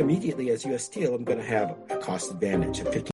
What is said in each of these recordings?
immediately as U.S. Steel, I'm going to have a cost advantage of 15.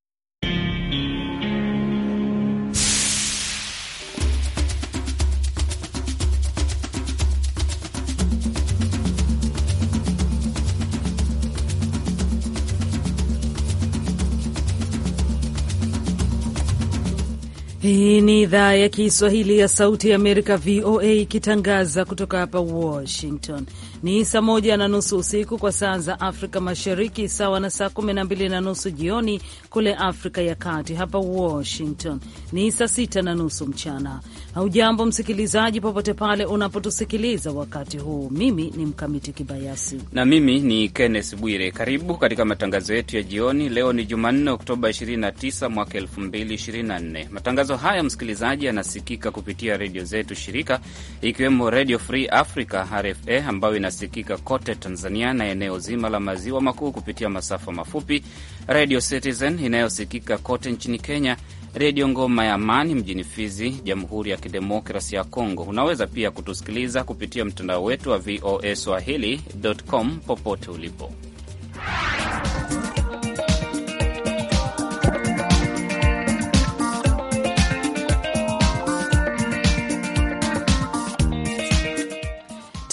Hii ni idhaa ya Kiswahili ya Sauti ya Amerika, VOA, ikitangaza kutoka hapa Washington. Ni saa moja na nusu usiku kwa saa za Afrika Mashariki, sawa na saa kumi na mbili na nusu jioni kule Afrika ya Kati. Hapa Washington ni saa sita na nusu mchana. Haujambo msikilizaji, popote pale unapotusikiliza wakati huu. Mimi ni Mkamiti Kibayasi na mimi ni Kenneth Bwire. Karibu katika matangazo yetu ya jioni. Leo ni Jumanne, Oktoba 29 mwaka 2024. Matangazo haya msikilizaji, yanasikika kupitia redio zetu shirika, ikiwemo Redio Free Africa RFA ambayo inasikika kote Tanzania na eneo zima la maziwa makuu kupitia masafa mafupi, Radio Citizen inayosikika kote nchini Kenya, Redio Ngoma ya Amani mjini Fizi, Jamhuri ya Kidemokrasi ya Kongo. Unaweza pia kutusikiliza kupitia mtandao wetu wa VOA swahili.com popote ulipo.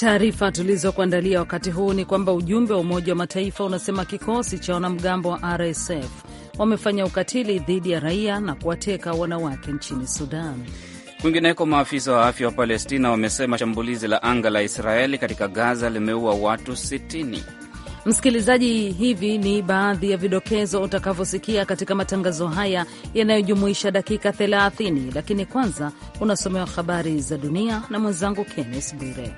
Taarifa tulizokuandalia wakati huu ni kwamba ujumbe wa Umoja wa Mataifa unasema kikosi cha wanamgambo wa RSF wamefanya ukatili dhidi ya raia na kuwateka wanawake nchini Sudan. Kwingineko, maafisa wa afya wa Palestina wamesema shambulizi la anga la Israeli katika Gaza limeua watu 60. Msikilizaji, hivi ni baadhi ya vidokezo utakavyosikia katika matangazo haya yanayojumuisha dakika 30, lakini kwanza unasomewa habari za dunia na mwenzangu kennes Bwire.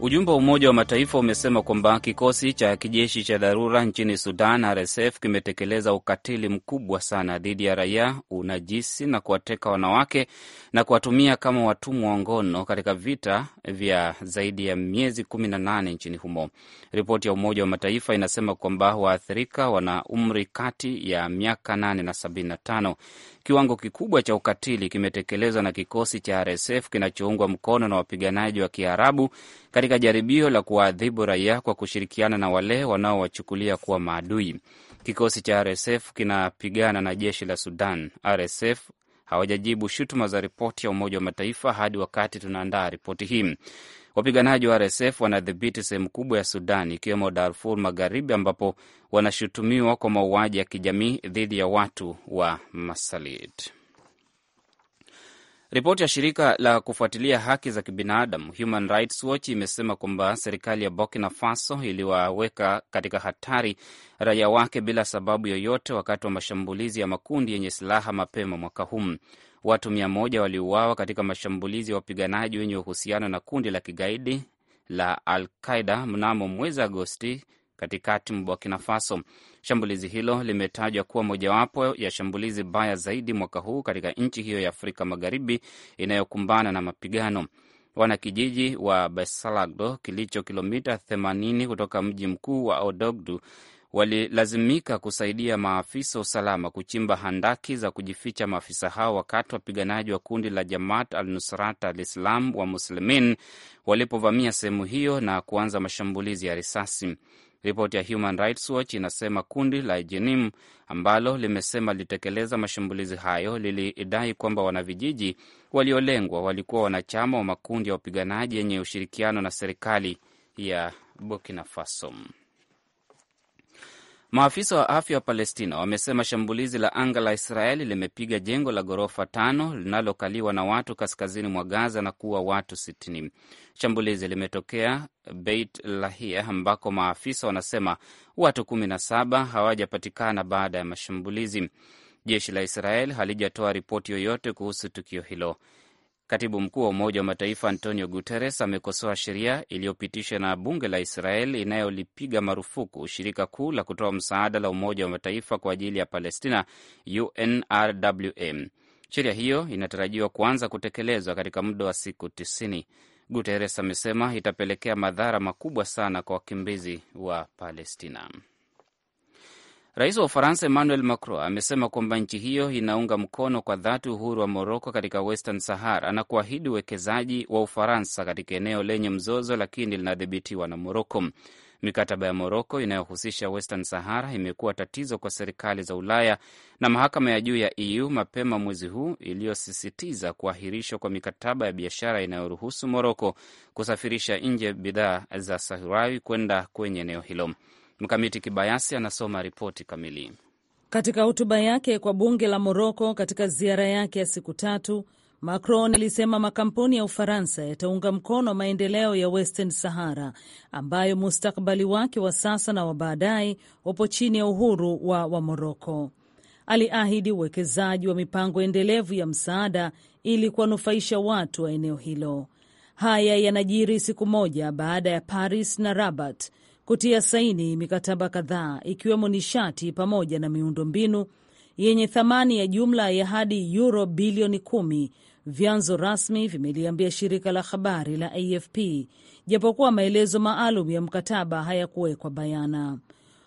Ujumbe wa Umoja wa Mataifa umesema kwamba kikosi cha kijeshi cha dharura nchini Sudan, RSF, kimetekeleza ukatili mkubwa sana dhidi ya raia, unajisi na kuwateka wanawake na kuwatumia kama watumwa wa ngono katika vita vya zaidi ya miezi 18 nchini humo. Ripoti ya Umoja wa Mataifa inasema kwamba waathirika wana umri kati ya miaka 8 na 75 kiwango kikubwa cha ukatili kimetekelezwa na kikosi cha RSF kinachoungwa mkono na wapiganaji wa Kiarabu katika jaribio la kuwaadhibu raia kwa kushirikiana na wale wanaowachukulia kuwa maadui. Kikosi cha RSF kinapigana na jeshi la Sudan. RSF hawajajibu shutuma za ripoti ya Umoja wa Mataifa hadi wakati tunaandaa ripoti hii. Wapiganaji wa RSF wanadhibiti sehemu kubwa ya Sudan, ikiwemo Darfur Magharibi, ambapo wanashutumiwa kwa mauaji ya kijamii dhidi ya watu wa Masalid. Ripoti ya shirika la kufuatilia haki za kibinadamu Human Rights Watch imesema kwamba serikali ya Burkina Faso iliwaweka katika hatari raia wake bila sababu yoyote wakati wa mashambulizi ya makundi yenye silaha mapema mwaka huu. Watu mia moja waliuawa katika mashambulizi ya wapiganaji wenye uhusiano na kundi la kigaidi la Al Qaida mnamo mwezi Agosti katikati mwa Burkina Faso. Shambulizi hilo limetajwa kuwa mojawapo ya shambulizi baya zaidi mwaka huu katika nchi hiyo ya Afrika Magharibi inayokumbana na mapigano. Wanakijiji wa Besalagdo kilicho kilomita 80 kutoka mji mkuu wa Odogdu walilazimika kusaidia maafisa usalama kuchimba handaki za kujificha maafisa hao wakati wapiganaji wa kundi la Jamaat al-Nusrat al-Islam wa Muslimin walipovamia sehemu hiyo na kuanza mashambulizi ya risasi. Ripoti ya Human Rights Watch inasema kundi la Jenim ambalo limesema lilitekeleza mashambulizi hayo lilidai kwamba wanavijiji waliolengwa walikuwa wanachama wa makundi ya wapiganaji yenye ushirikiano na serikali ya Burkina Faso. Maafisa wa afya wa Palestina wamesema shambulizi la anga la Israeli limepiga jengo la ghorofa tano linalokaliwa na watu kaskazini mwa Gaza na kuua watu 60 Shambulizi limetokea Beit Lahia ambako maafisa wanasema watu kumi na saba hawajapatikana baada ya mashambulizi. Jeshi la Israel halijatoa ripoti yoyote kuhusu tukio hilo. Katibu mkuu wa Umoja wa Mataifa Antonio Guterres amekosoa sheria iliyopitishwa na bunge la Israel inayolipiga marufuku shirika kuu la kutoa msaada la Umoja wa Mataifa kwa ajili ya Palestina, UNRWA. Sheria hiyo inatarajiwa kuanza kutekelezwa katika muda wa siku 90. Guterres amesema itapelekea madhara makubwa sana kwa wakimbizi wa Palestina. Rais wa Ufaransa Emmanuel Macron amesema kwamba nchi hiyo inaunga mkono kwa dhati uhuru wa Moroko katika Western Sahara na kuahidi uwekezaji wa Ufaransa katika eneo lenye mzozo lakini linadhibitiwa na Moroko. Mikataba ya Moroko inayohusisha Western Sahara imekuwa tatizo kwa serikali za Ulaya na mahakama ya juu ya EU mapema mwezi huu iliyosisitiza kuahirishwa kwa mikataba ya biashara inayoruhusu Moroko kusafirisha nje bidhaa za Sahrawi kwenda kwenye eneo hilo. Mkamiti Kibayasi anasoma ripoti kamili. Katika hotuba yake kwa bunge la Moroko katika ziara yake ya siku tatu, Macron alisema makampuni ya Ufaransa yataunga mkono maendeleo ya Western Sahara ambayo mustakabali wake wa sasa na wa baadaye upo chini ya uhuru wa Wamoroko. Aliahidi uwekezaji wa mipango endelevu ya msaada ili kuwanufaisha watu wa eneo hilo. Haya yanajiri siku moja baada ya Paris na Rabat kutia saini mikataba kadhaa ikiwemo nishati pamoja na miundombinu yenye thamani ya jumla ya hadi yuro bilioni kumi, vyanzo rasmi vimeliambia shirika la habari la AFP, japokuwa maelezo maalum ya mkataba hayakuwekwa bayana.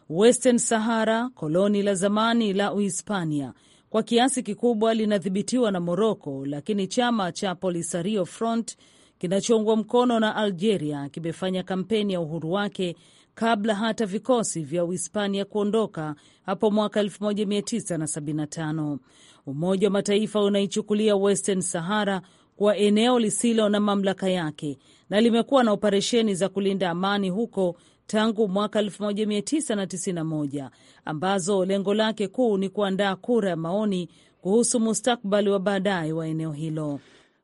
Western Sahara, koloni la zamani la Uhispania, kwa kiasi kikubwa linadhibitiwa na Moroko, lakini chama cha Polisario Front kinachoungwa mkono na Algeria kimefanya kampeni ya uhuru wake kabla hata vikosi vya Uhispania kuondoka hapo mwaka 1975. Umoja wa Mataifa unaichukulia Western Sahara kuwa eneo lisilo na mamlaka yake na limekuwa na operesheni za kulinda amani huko tangu mwaka 1991 ambazo lengo lake kuu ni kuandaa kura ya maoni kuhusu mustakbali wa baadaye wa eneo hilo.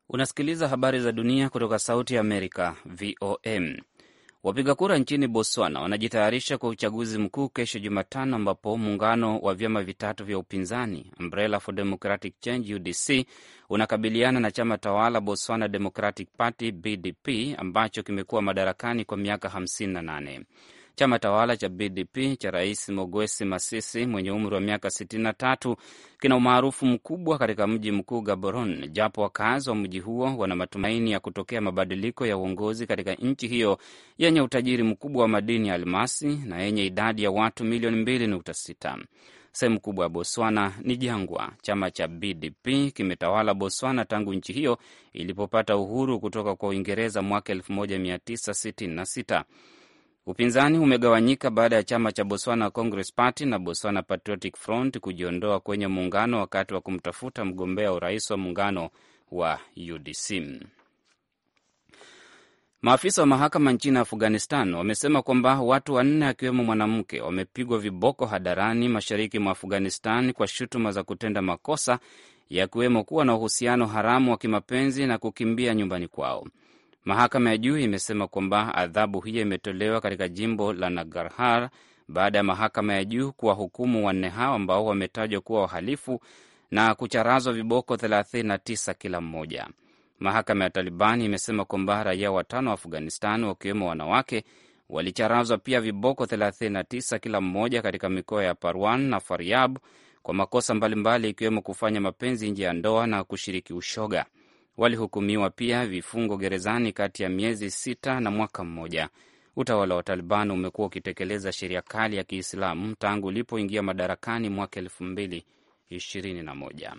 Unasikiliza habari za dunia kutoka Sauti ya Amerika, VOM. Wapiga kura nchini Botswana wanajitayarisha kwa uchaguzi mkuu kesho Jumatano, ambapo muungano wa vyama vitatu vya upinzani Umbrella for Democratic Change UDC unakabiliana na chama tawala Botswana Democratic Party BDP ambacho kimekuwa madarakani kwa miaka 58. Chama tawala cha BDP cha Rais Mogwesi Masisi mwenye umri wa miaka 63 kina umaarufu mkubwa katika mji mkuu Gaborone, japo wakazi wa mji huo wana matumaini ya kutokea mabadiliko ya uongozi katika nchi hiyo yenye utajiri mkubwa wa madini ya almasi na yenye idadi ya watu milioni 2.6. Sehemu kubwa ya Botswana ni jangwa. Chama cha BDP kimetawala Botswana tangu nchi hiyo ilipopata uhuru kutoka kwa Uingereza mwaka 1966. Upinzani umegawanyika baada ya chama cha Botswana Congress Party na Botswana Patriotic Front kujiondoa kwenye muungano wakati wa kumtafuta mgombea urais wa muungano wa UDC. Maafisa wa mahakama nchini Afghanistan wamesema kwamba watu wanne akiwemo mwanamke wamepigwa viboko hadharani mashariki mwa Afghanistan kwa shutuma za kutenda makosa yakiwemo kuwa na uhusiano haramu wa kimapenzi na kukimbia nyumbani kwao. Mahakama ya juu imesema kwamba adhabu hiyo imetolewa katika jimbo la nagarhar baada ya mahakama ya juu kuwahukumu wanne hao ambao wametajwa kuwa wahalifu na kucharazwa viboko 39 kila mmoja. Mahakama ya taliban imesema kwamba raia watano wa Afghanistan wakiwemo wanawake walicharazwa pia viboko 39 kila mmoja katika mikoa ya Parwan na Faryab kwa makosa mbalimbali ikiwemo kufanya mapenzi nje ya ndoa na kushiriki ushoga walihukumiwa pia vifungo gerezani kati ya miezi sita na mwaka mmoja. Utawala wa Taliban umekuwa ukitekeleza sheria kali ya Kiislamu tangu ulipoingia madarakani mwaka elfu mbili ishirini na moja.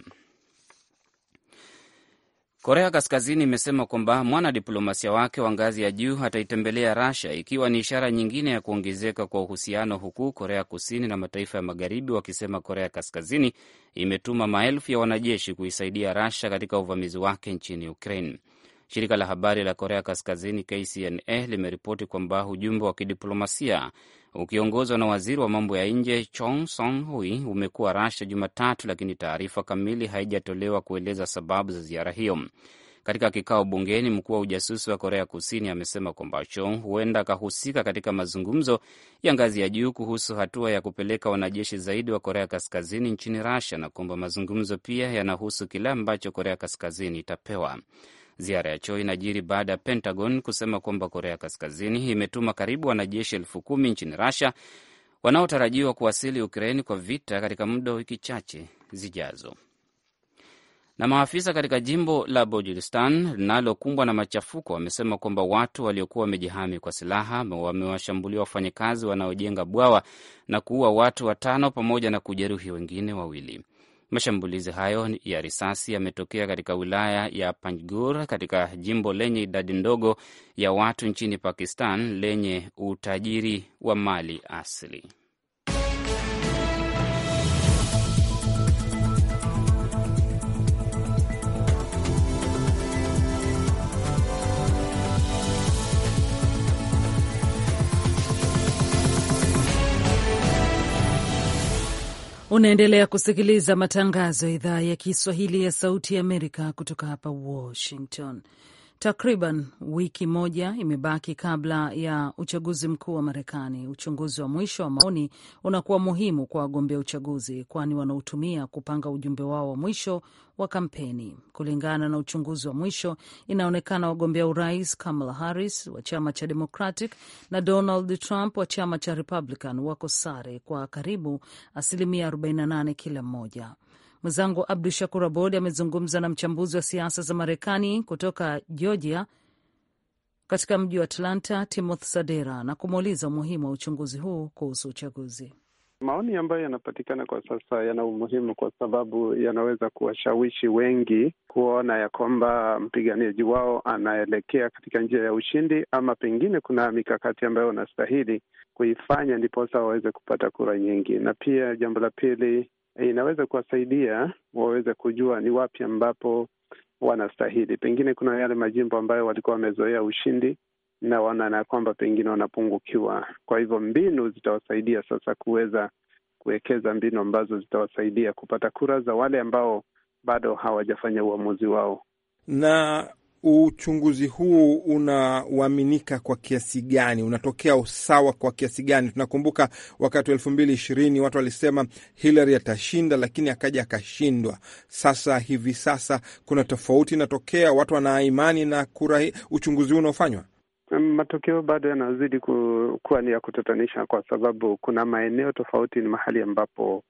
Korea Kaskazini imesema kwamba mwanadiplomasia wake wa ngazi ya juu ataitembelea Russia ikiwa ni ishara nyingine ya kuongezeka kwa uhusiano, huku Korea Kusini na mataifa ya Magharibi wakisema Korea Kaskazini imetuma maelfu ya wanajeshi kuisaidia Russia katika uvamizi wake nchini Ukraine. Shirika la habari la Korea Kaskazini KCNA limeripoti kwamba ujumbe wa kidiplomasia ukiongozwa na waziri wa mambo ya nje Chong Song Hui umekuwa Rasha Jumatatu, lakini taarifa kamili haijatolewa kueleza sababu za ziara hiyo. Katika kikao bungeni, mkuu wa ujasusi wa Korea Kusini amesema kwamba Chong huenda akahusika katika mazungumzo ya ngazi ya juu kuhusu hatua ya kupeleka wanajeshi zaidi wa Korea Kaskazini nchini Rasha, na kwamba mazungumzo pia yanahusu kile ambacho Korea Kaskazini itapewa. Ziara ya cho inajiri baada ya Pentagon kusema kwamba Korea Kaskazini imetuma karibu wanajeshi elfu kumi nchini Russia wanaotarajiwa kuwasili Ukraini kwa vita katika muda wa wiki chache zijazo. Na maafisa katika jimbo la Balochistan linalokumbwa na machafuko wamesema kwamba watu waliokuwa wamejihami kwa silaha wamewashambulia wafanyakazi wanaojenga bwawa na kuua watu watano pamoja na kujeruhi wengine wawili. Mashambulizi hayo ya risasi yametokea katika wilaya ya Panjgur katika jimbo lenye idadi ndogo ya watu nchini Pakistan lenye utajiri wa mali asili. Unaendelea kusikiliza matangazo ya idhaa ya Kiswahili ya Sauti ya Amerika kutoka hapa Washington. Takriban wiki moja imebaki kabla ya uchaguzi mkuu wa Marekani. Uchunguzi wa mwisho wa maoni unakuwa muhimu kwa wagombea uchaguzi, kwani wanaotumia kupanga ujumbe wao wa mwisho wa kampeni. Kulingana na uchunguzi wa mwisho, inaonekana wagombea urais Kamala Harris wa chama cha Democratic na Donald Trump wa chama cha Republican wako sare kwa karibu asilimia 48 kila mmoja. Mwenzangu Abdu Shakur Abod amezungumza na mchambuzi wa siasa za Marekani kutoka Georgia katika mji wa Atlanta, Timothy Sadera, na kumuuliza umuhimu wa uchunguzi huu kuhusu uchaguzi. Maoni ambayo yanapatikana kwa sasa yana umuhimu kwa sababu yanaweza kuwashawishi wengi kuona ya kwamba mpiganiaji wao anaelekea katika njia ya ushindi, ama pengine kuna mikakati ambayo wanastahili kuifanya ndiposa waweze kupata kura nyingi. Na pia jambo la pili, inaweza kuwasaidia waweze kujua ni wapi ambapo wanastahili. Pengine kuna yale majimbo ambayo walikuwa wamezoea ushindi na wanaona kwamba pengine wanapungukiwa. Kwa hivyo mbinu zitawasaidia sasa kuweza kuwekeza mbinu ambazo zitawasaidia kupata kura za wale ambao bado hawajafanya uamuzi wao. Na uchunguzi huu unauaminika kwa kiasi gani? Unatokea usawa kwa kiasi gani? Tunakumbuka wakati wa elfu mbili ishirini watu walisema Hillary atashinda, lakini akaja akashindwa. Sasa hivi sasa kuna tofauti inatokea, watu wana imani na kura, uchunguzi huu unaofanywa um, matokeo bado yanazidi kuwa ni ya kutatanisha, kwa sababu kuna maeneo tofauti, ni mahali ambapo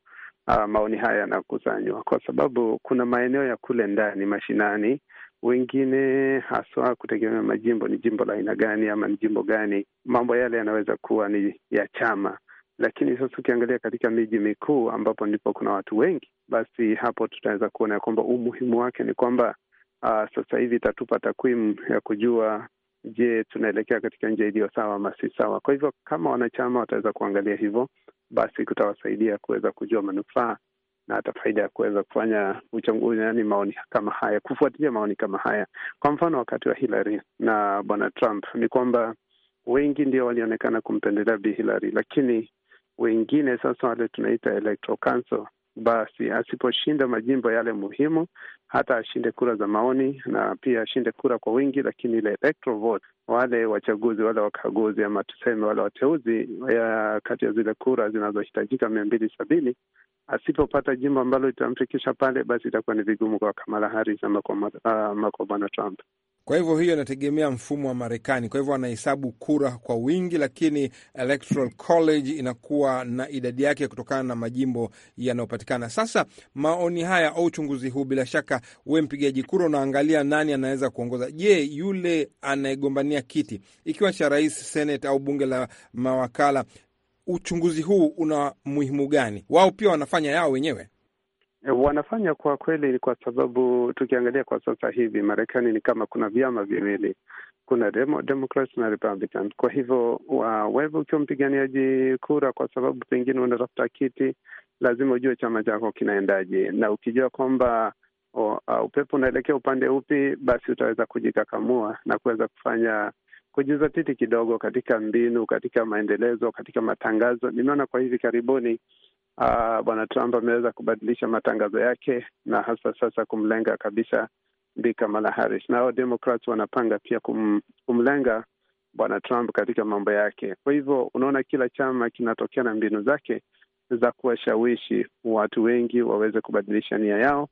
uh, maoni haya yanakusanywa, kwa sababu kuna maeneo ya kule ndani mashinani, wengine haswa, kutegemea majimbo, ni jimbo la aina gani ama ni jimbo gani, mambo yale yanaweza kuwa ni ya chama lakini sasa ukiangalia katika miji mikuu ambapo ndipo kuna watu wengi, basi hapo tutaweza kuona ya kwamba umuhimu wake ni kwamba uh, sasa hivi itatupa takwimu ya kujua, je, tunaelekea katika njia iliyo sawa ama si sawa. Kwa hivyo kama wanachama wataweza kuangalia hivyo, basi kutawasaidia kuweza kujua manufaa na hata faida ya kuweza kufanya uchanguzi, yani maoni kama haya, kufuatilia maoni kama haya. Kwa mfano wakati wa Hillary na bwana Trump ni kwamba wengi ndio walionekana kumpendelea bi Hillary, lakini wengine sasa wale tunaita electoral council basi asiposhinda majimbo yale muhimu, hata ashinde kura za maoni na pia ashinde kura kwa wingi, lakini ile electoral vote, wale wachaguzi wale wakaguzi ama tuseme wale wateuzi ya kati ya zile kura zinazohitajika mia mbili sabini asipopata jimbo ambalo litamfikisha pale, basi itakuwa ni vigumu kwa Kamala Harris ama kwa ah, Bwana Trump. Kwa hivyo hiyo inategemea mfumo wa Marekani. Kwa hivyo wanahesabu kura kwa wingi, lakini Electoral College inakuwa na idadi yake kutokana na majimbo yanayopatikana. Sasa maoni haya au uchunguzi huu, bila shaka we mpigaji kura unaangalia nani anaweza kuongoza. Je, yule anayegombania kiti ikiwa cha rais, senate au bunge la mawakala, uchunguzi huu una muhimu gani? Wao pia wanafanya yao wenyewe. Eh, wanafanya kwa kweli, kwa sababu tukiangalia kwa sasa hivi Marekani ni kama kuna vyama viwili, kuna demo, Democrats na Republicans. Kwa hivyo wewe ukiwa mpiganiaji kura, kwa sababu pengine unatafuta kiti, lazima ujue chama chako kinaendaje, na ukijua kwamba uh, upepo unaelekea upande upi, basi utaweza kujikakamua na kuweza kufanya kujizatiti kidogo katika mbinu, katika maendelezo, katika matangazo. Nimeona kwa hivi karibuni uh, bwana Trump ameweza kubadilisha matangazo yake na hasa sasa kumlenga kabisa Bi Kamala Harris, na hao Democrats wanapanga pia kum, kumlenga bwana Trump katika mambo yake. Kwa hivyo unaona kila chama kinatokea na mbinu zake za kuwashawishi watu wengi waweze kubadilisha nia yao.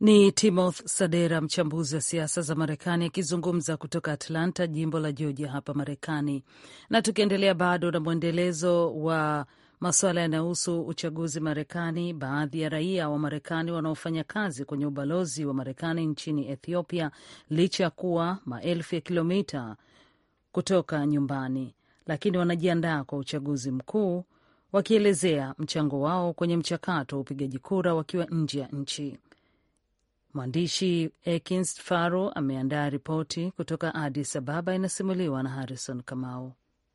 Ni Timothy Sadera, mchambuzi wa siasa za Marekani akizungumza kutoka Atlanta, jimbo la Georgia hapa Marekani. Na tukiendelea bado na mwendelezo wa masuala yanayohusu uchaguzi Marekani, baadhi ya raia wa Marekani wanaofanya kazi kwenye ubalozi wa Marekani nchini Ethiopia, licha ya kuwa maelfu ya kilomita kutoka nyumbani, lakini wanajiandaa kwa uchaguzi mkuu, wakielezea mchango wao kwenye mchakato wa upigaji kura wakiwa nje ya nchi. Mwandishi Ekins Faro ameandaa ripoti kutoka adis Ababa, inasimuliwa na Harrison Kamau.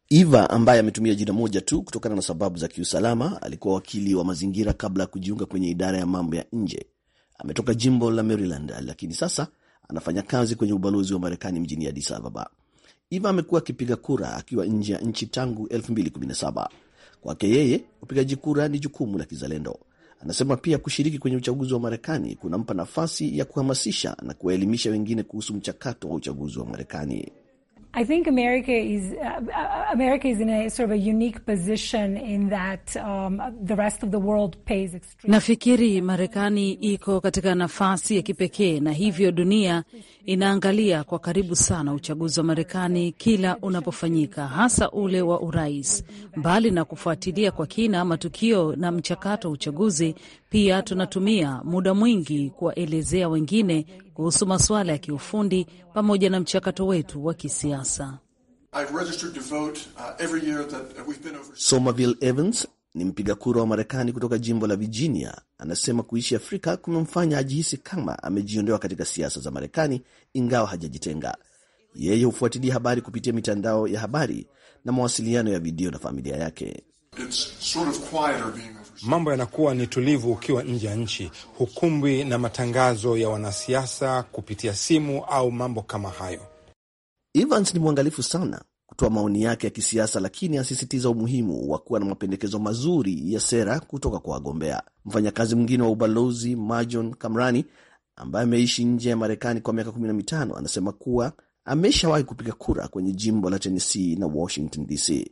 Eva ambaye ametumia jina moja tu kutokana na sababu za kiusalama, alikuwa wakili wa mazingira kabla ya kujiunga kwenye idara ya mambo ya nje. Ametoka jimbo la Maryland, lakini sasa anafanya kazi kwenye ubalozi wa Marekani mjini Addis Ababa. Eva amekuwa akipiga kura akiwa nje ya nchi tangu 2017. Kwake yeye, upigaji kura ni jukumu la kizalendo. Anasema pia kushiriki kwenye uchaguzi wa Marekani kunampa nafasi ya kuhamasisha na kuwaelimisha wengine kuhusu mchakato wa uchaguzi wa Marekani. I think America is uh, uh, America is in a sort of a unique position in that um, the rest of the world pays extremely. Nafikiri Marekani iko katika nafasi ya kipekee na hivyo dunia inaangalia kwa karibu sana uchaguzi wa Marekani kila unapofanyika, hasa ule wa urais. Mbali na kufuatilia kwa kina matukio na mchakato wa uchaguzi, pia tunatumia muda mwingi kuwaelezea wengine kuhusu masuala ya kiufundi pamoja na mchakato wetu wa kisiasa. Uh, uh, Somerville Evans ni mpiga kura wa Marekani kutoka jimbo la Virginia. Anasema kuishi Afrika kumemfanya ajihisi kama amejiondoa katika siasa za Marekani, ingawa hajajitenga. Yeye hufuatilia habari kupitia mitandao ya habari na mawasiliano ya video na familia yake. It's sort of Mambo yanakuwa ni tulivu ukiwa nje ya nchi, hukumbwi na matangazo ya wanasiasa kupitia simu au mambo kama hayo. Evans ni mwangalifu sana kutoa maoni yake ya kisiasa, lakini asisitiza umuhimu wa kuwa na mapendekezo mazuri ya sera kutoka kwa wagombea. Mfanyakazi mwingine wa ubalozi Marjon Kamrani ambaye ameishi nje ya Marekani kwa miaka 15 anasema kuwa ameshawahi kupiga kura kwenye jimbo la Tennessee na Washington DC.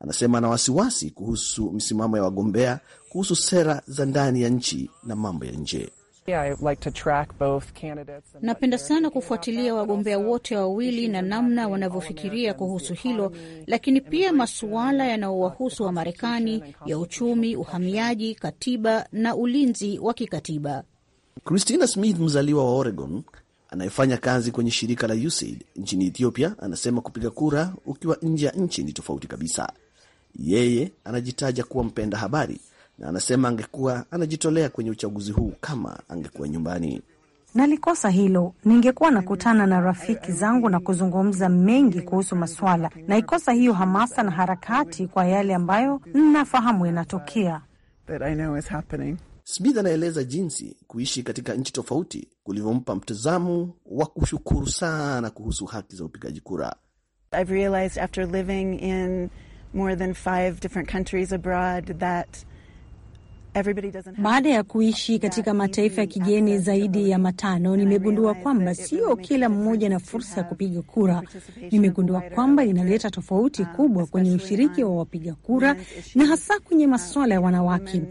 Anasema ana wasiwasi kuhusu misimamo ya wagombea kuhusu sera za ndani ya nchi na mambo ya nje. napenda sana kufuatilia wagombea wote wawili na namna wanavyofikiria kuhusu hilo, lakini pia masuala yanayowahusu wa Marekani ya uchumi, uhamiaji, katiba na ulinzi wa kikatiba. Christina Smith mzaliwa wa Oregon anayefanya kazi kwenye shirika la USAID nchini Ethiopia anasema kupiga kura ukiwa nje ya nchi ni tofauti kabisa. Yeye anajitaja kuwa mpenda habari na anasema angekuwa anajitolea kwenye uchaguzi huu kama angekuwa nyumbani. Nalikosa hilo, ningekuwa nakutana na rafiki zangu na kuzungumza mengi kuhusu masuala. Naikosa hiyo hamasa na harakati kwa yale ambayo nafahamu yanatokea. Smith anaeleza jinsi kuishi katika nchi tofauti kulivyompa mtazamo wa kushukuru sana kuhusu haki za upigaji kura more than five different countries abroad that baada ya kuishi katika mataifa ya kigeni zaidi ya matano, nimegundua kwamba sio kila mmoja na fursa ya kupiga kura. Nimegundua kwamba inaleta tofauti um, kubwa kwenye ushiriki wa wapiga kura na hasa kwenye um, masuala ya wanawake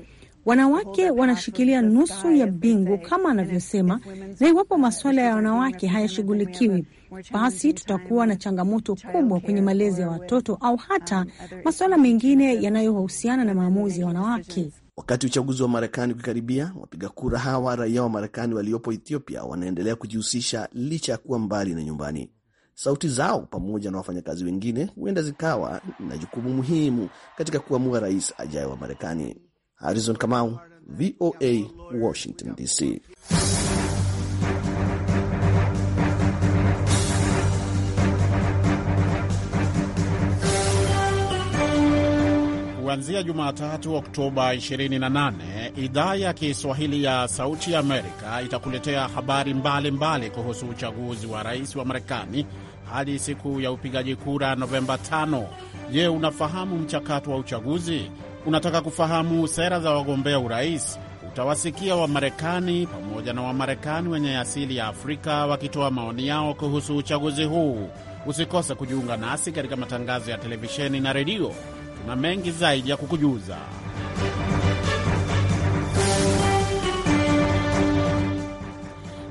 Wanawake wanashikilia nusu ya bingu kama anavyosema, na iwapo masuala ya wanawake hayashughulikiwi, basi tutakuwa na changamoto kubwa kwenye malezi ya watoto au hata masuala mengine yanayohusiana na maamuzi ya wanawake. Wakati uchaguzi wa Marekani ukikaribia, wapiga kura hawa raia wa Marekani waliopo Ethiopia wanaendelea kujihusisha licha ya kuwa mbali na nyumbani. Sauti zao pamoja na wafanyakazi wengine huenda zikawa na jukumu muhimu katika kuamua rais ajaye wa Marekani. Harrison Kamau, VOA, Washington DC. Kuanzia Jumatatu Oktoba 28 idhaa ya Kiswahili ya Sauti Amerika itakuletea habari mbalimbali mbali kuhusu uchaguzi wa rais wa Marekani hadi siku ya upigaji kura Novemba 5. Je, unafahamu mchakato wa uchaguzi? unataka kufahamu sera za wagombea urais, utawasikia Wamarekani pamoja na Wamarekani wenye asili ya Afrika wakitoa maoni yao kuhusu uchaguzi huu. Usikose kujiunga nasi katika matangazo ya televisheni na redio, tuna mengi zaidi ya kukujuza.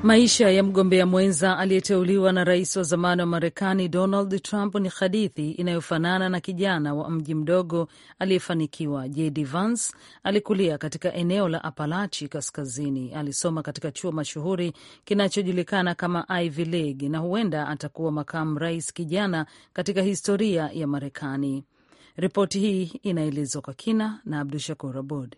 Maisha ya mgombea mwenza aliyeteuliwa na rais wa zamani wa Marekani Donald Trump ni hadithi inayofanana na kijana wa mji mdogo aliyefanikiwa. JD Vance alikulia katika eneo la Apalachi Kaskazini, alisoma katika chuo mashuhuri kinachojulikana kama Ivy League na huenda atakuwa makamu rais kijana katika historia ya Marekani. Ripoti hii inaelezwa kwa kina na Abdu Shakur Abod.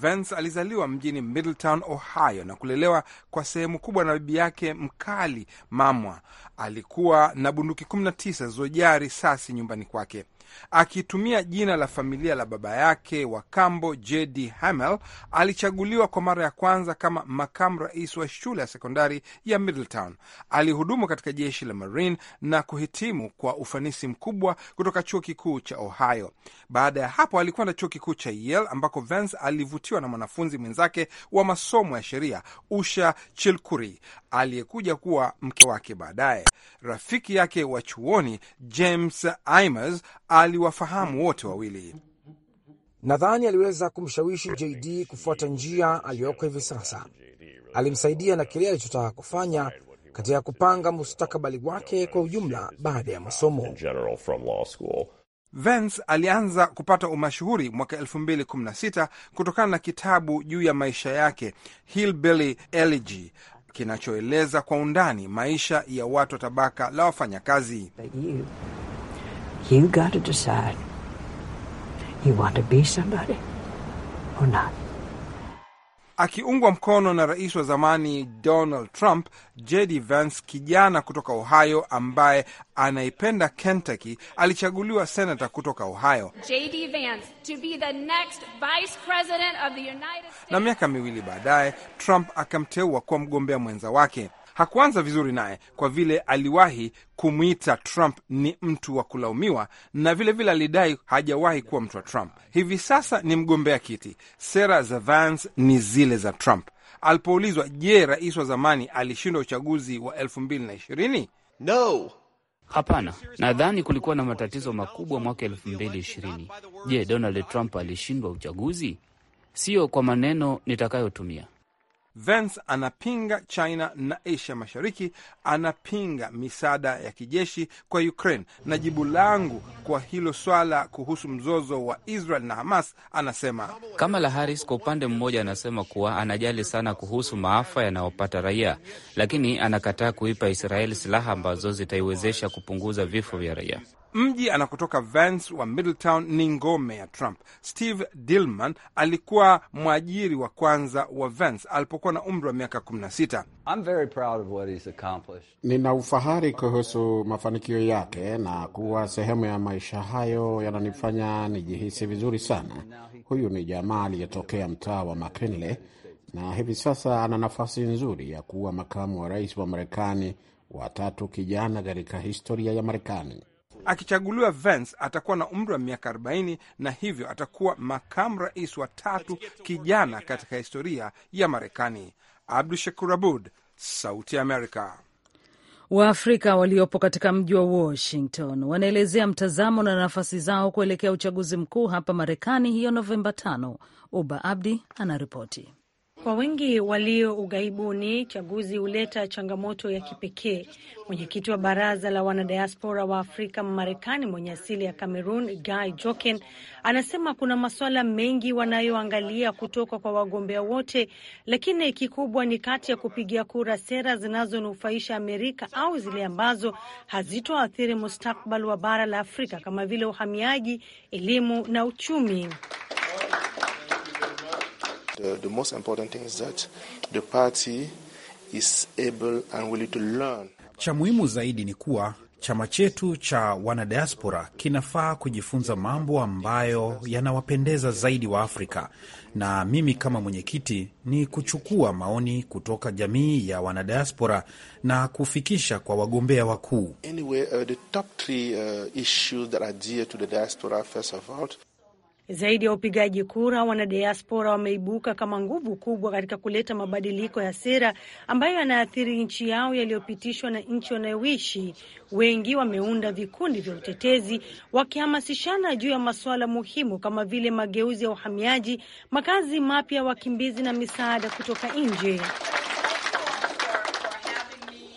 Vance alizaliwa mjini Middletown, Ohio na kulelewa kwa sehemu kubwa na bibi yake mkali Mamwa. Alikuwa na bunduki 19 zilizojaa risasi nyumbani kwake. Akitumia jina la familia la baba yake wa kambo JD Hamel, alichaguliwa kwa mara ya kwanza kama makamu rais wa shule ya sekondari ya Middletown. Alihudumu katika jeshi la Marine na kuhitimu kwa ufanisi mkubwa kutoka chuo kikuu cha Ohio. Baada ya hapo, alikwenda chuo kikuu cha Yale ambako Vance alivutiwa na mwanafunzi mwenzake wa masomo ya sheria Usha Chilkuri aliyekuja kuwa mke wake baadaye. Rafiki yake wa chuoni James Imers aliwafahamu wote wawili. Nadhani aliweza kumshawishi JD kufuata njia aliyoko hivi sasa. Alimsaidia na kile alichotaka kufanya katika kupanga mustakabali wake kwa ujumla. Baada ya masomo, Vance alianza kupata umashuhuri mwaka 2016 kutokana na kitabu juu ya maisha yake Hillbilly Elegy kinachoeleza kwa undani maisha ya watu wa tabaka la wafanyakazi. You got to decide you want to be somebody or not. Akiungwa mkono na rais wa zamani Donald Trump, JD Vance, kijana kutoka Ohio ambaye anaipenda Kentucky, alichaguliwa senata kutoka Ohio JD Vance, to be the next vice president of the United States. Na miaka miwili baadaye Trump akamteua kuwa mgombea mwenza wake hakuanza vizuri naye kwa vile aliwahi kumwita Trump ni mtu wa kulaumiwa na vilevile vile alidai hajawahi kuwa mtu wa Trump. Hivi sasa ni mgombea kiti, sera za Vance ni zile za Trump. Alipoulizwa, je, rais wa zamani alishindwa uchaguzi wa elfu mbili na ishirini? No. Hapana, nadhani kulikuwa na matatizo makubwa mwaka elfu mbili ishirini. Je, Donald Trump alishindwa uchaguzi? Siyo kwa maneno nitakayotumia Vance anapinga China na Asia Mashariki, anapinga misaada ya kijeshi kwa Ukraine. Na jibu langu kwa hilo swala kuhusu mzozo wa Israel na Hamas, anasema Kamala Harris kwa upande mmoja anasema kuwa anajali sana kuhusu maafa yanayopata raia, lakini anakataa kuipa Israeli silaha ambazo zitaiwezesha kupunguza vifo vya raia. Mji anakotoka Vance wa Middletown ni ngome ya Trump. Steve Dillman alikuwa mwajiri wa kwanza wa Vance alipokuwa na umri wa miaka 16. Nina ufahari kuhusu mafanikio yake na kuwa sehemu ya maisha hayo yananifanya nijihisi vizuri sana. Huyu ni jamaa aliyetokea mtaa wa McKinley na hivi sasa ana nafasi nzuri ya kuwa makamu wa rais wa Marekani watatu kijana katika historia ya Marekani. Akichaguliwa, Vance atakuwa na umri wa miaka 40 na hivyo atakuwa makamu rais wa tatu kijana katika historia ya Marekani. Abdu Shakur Abud, Sauti ya Amerika. Waafrika waliopo katika mji wa Washington wanaelezea mtazamo na nafasi zao kuelekea uchaguzi mkuu hapa Marekani hiyo Novemba tano. Uba Abdi anaripoti. Kwa wengi walio ughaibuni, chaguzi huleta changamoto ya kipekee. Mwenyekiti wa baraza la wanadiaspora wa Afrika Marekani mwenye asili ya Cameroon, Guy Joken, anasema kuna masuala mengi wanayoangalia kutoka kwa wagombea wote, lakini kikubwa ni kati ya kupigia kura sera zinazonufaisha Amerika au zile ambazo hazitoathiri mustakbal wa bara la Afrika kama vile uhamiaji, elimu na uchumi. The, the most important thing is that the party is able and willing to learn. Cha muhimu zaidi ni kuwa chama chetu cha wanadiaspora kinafaa kujifunza mambo ambayo yanawapendeza zaidi wa Afrika, na mimi kama mwenyekiti ni kuchukua maoni kutoka jamii ya wanadiaspora na kufikisha kwa wagombea wakuu. Anyway, uh, zaidi ya upigaji kura, wanadiaspora wameibuka kama nguvu kubwa katika kuleta mabadiliko ya sera ambayo yanaathiri nchi yao yaliyopitishwa na nchi wanayoishi. Wengi wameunda vikundi vya utetezi wakihamasishana juu ya masuala muhimu kama vile mageuzi ya uhamiaji, makazi mapya ya wakimbizi na misaada kutoka nje.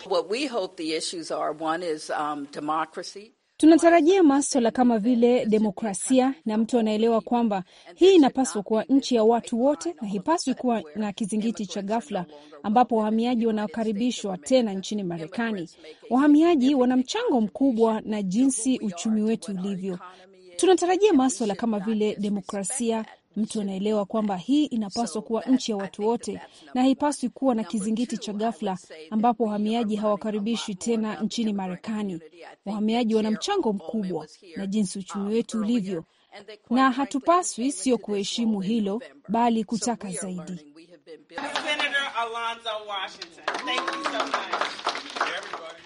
What we hope the issues are, one is, um, democracy. Tunatarajia maswala kama vile demokrasia na mtu anaelewa kwamba hii inapaswa kuwa nchi ya watu wote na hipaswi kuwa na kizingiti cha ghafla ambapo wahamiaji wanakaribishwa tena nchini Marekani. Wahamiaji wana mchango mkubwa na jinsi uchumi wetu ulivyo. Tunatarajia maswala kama vile demokrasia Mtu anaelewa kwamba hii inapaswa kuwa nchi ya watu wote na haipaswi kuwa na kizingiti cha ghafla ambapo wahamiaji hawakaribishwi tena nchini Marekani. Wahamiaji wana mchango mkubwa na jinsi uchumi wetu ulivyo, na hatupaswi sio kuheshimu hilo, bali kutaka zaidi.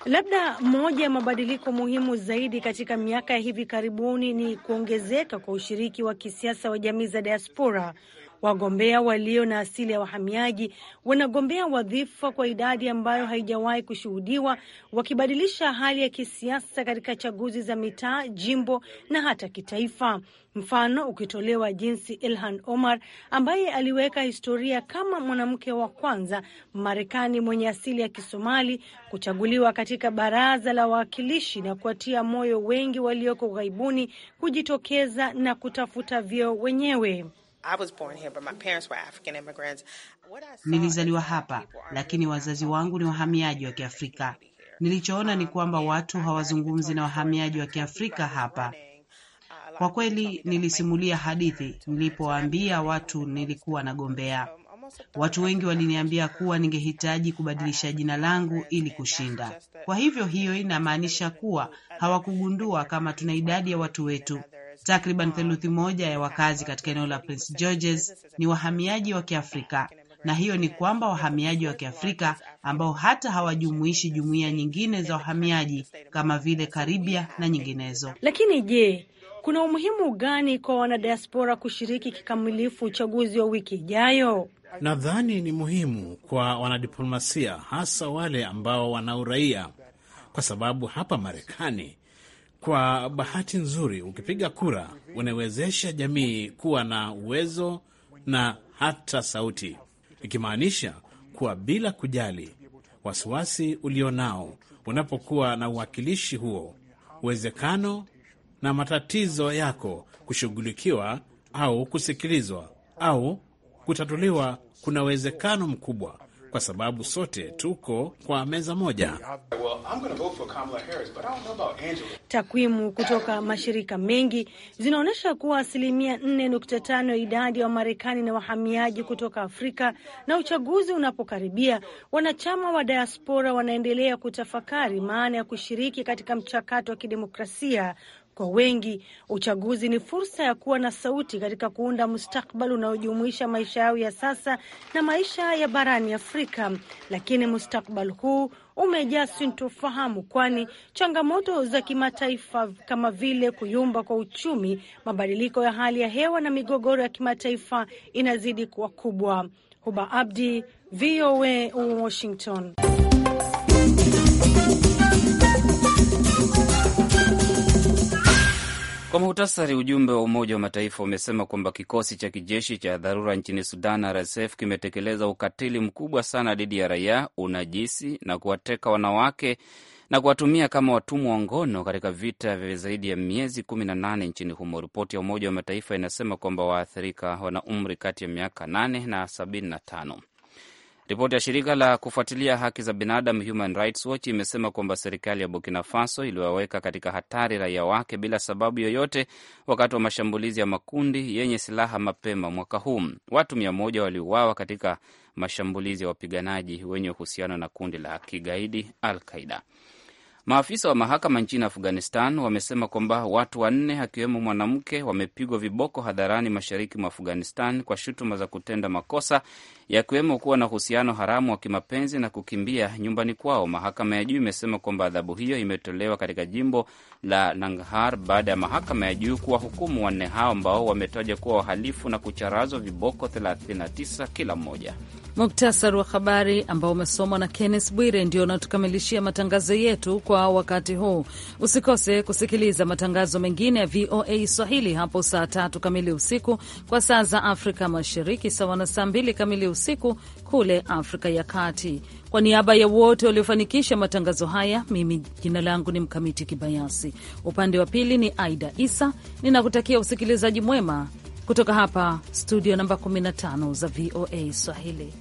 Labda moja ya mabadiliko muhimu zaidi katika miaka ya hivi karibuni ni kuongezeka kwa ushiriki wa kisiasa wa jamii za diaspora Wagombea walio na asili ya wahamiaji wanagombea wadhifa kwa idadi ambayo haijawahi kushuhudiwa, wakibadilisha hali ya kisiasa katika chaguzi za mitaa, jimbo na hata kitaifa. Mfano ukitolewa jinsi Ilhan Omar ambaye aliweka historia kama mwanamke wa kwanza Marekani mwenye asili ya Kisomali kuchaguliwa katika baraza la wawakilishi na kuwatia moyo wengi walioko ughaibuni kujitokeza na kutafuta vyeo wenyewe. Nilizaliwa hapa, lakini wazazi wangu ni wahamiaji wa Kiafrika. Nilichoona ni um, kwamba watu hawazungumzi na wahamiaji wa Kiafrika hapa. Uh, Kwa kweli, nilisimulia hadithi nilipowaambia watu nilikuwa nagombea. Um, watu wengi waliniambia kuwa ningehitaji kubadilisha um, jina langu ili kushinda. Kwa hivyo, hiyo inamaanisha kuwa hawakugundua kama tuna idadi ya watu wetu Takriban ah, theluthi moja ya wakazi katika eneo la Prince George's ni wahamiaji wa Kiafrika, na hiyo ni kwamba wahamiaji wa Kiafrika ambao hata hawajumuishi jumuiya nyingine za wahamiaji kama vile Karibia na nyinginezo. Lakini je, kuna umuhimu gani kwa wanadiaspora kushiriki kikamilifu uchaguzi wa wiki ijayo? Nadhani ni muhimu kwa wanadiplomasia, hasa wale ambao wana uraia, kwa sababu hapa Marekani kwa bahati nzuri, ukipiga kura unawezesha jamii kuwa na uwezo na hata sauti, ikimaanisha kuwa bila kujali wasiwasi ulionao, unapokuwa na uwakilishi huo, uwezekano na matatizo yako kushughulikiwa au kusikilizwa au kutatuliwa kuna uwezekano mkubwa kwa sababu sote tuko kwa meza moja. Takwimu kutoka mashirika mengi zinaonyesha kuwa asilimia 4.5 ya idadi ya Wamarekani na wahamiaji kutoka Afrika, na uchaguzi unapokaribia, wanachama wa diaspora wanaendelea kutafakari maana ya kushiriki katika mchakato wa kidemokrasia kwa wengi, uchaguzi ni fursa ya kuwa na sauti katika kuunda mustakbali unaojumuisha maisha yao ya sasa na maisha ya barani Afrika. Lakini mustakbali huu umejaa sintofahamu, kwani changamoto za kimataifa kama vile kuyumba kwa uchumi, mabadiliko ya hali ya hewa na migogoro ya kimataifa inazidi kuwa kubwa. Huba Abdi, VOA Washington. Kwa muhtasari, ujumbe wa Umoja wa Mataifa umesema kwamba kikosi cha kijeshi cha dharura nchini Sudan, RSF, kimetekeleza ukatili mkubwa sana dhidi ya raia, unajisi na kuwateka wanawake na kuwatumia kama watumwa wa ngono katika vita vya zaidi ya miezi 18 nchini humo. Ripoti ya Umoja wa Mataifa inasema kwamba waathirika wana umri kati ya miaka 8 na 75. Ripoti ya shirika la kufuatilia haki za binadamu Human Rights Watch imesema kwamba serikali ya Burkina Faso iliwaweka katika hatari raia wake bila sababu yoyote wakati wa mashambulizi ya makundi yenye silaha mapema mwaka huu. Watu mia moja waliuawa katika mashambulizi ya wapiganaji wenye uhusiano na kundi la kigaidi Al Qaida. Maafisa wa mahakama nchini Afghanistan wamesema kwamba watu wanne akiwemo mwanamke wamepigwa viboko hadharani mashariki mwa Afghanistan kwa shutuma za kutenda makosa yakiwemo kuwa na uhusiano haramu wa kimapenzi na kukimbia nyumbani kwao. Mahakama ya juu imesema kwamba adhabu hiyo imetolewa katika jimbo la Nangarhar baada ya mahakama ya juu kuwahukumu wanne hao ambao wametaja kuwa wahalifu na kucharazwa viboko 39 kila mmoja. Muktasari wa habari ambao umesomwa na Kenneth Bwire ndio unatukamilishia matangazo yetu kwa wakati huu. Usikose kusikiliza matangazo mengine ya VOA Swahili hapo saa tatu kamili usiku kwa saa za Afrika Mashariki, sawa na saa mbili kamili usiku kule Afrika ya Kati. Kwa niaba ya wote waliofanikisha matangazo haya, mimi jina langu ni Mkamiti Kibayasi, upande wa pili ni Aida Isa. Ninakutakia usikilizaji mwema kutoka hapa studio namba 15 za VOA Swahili.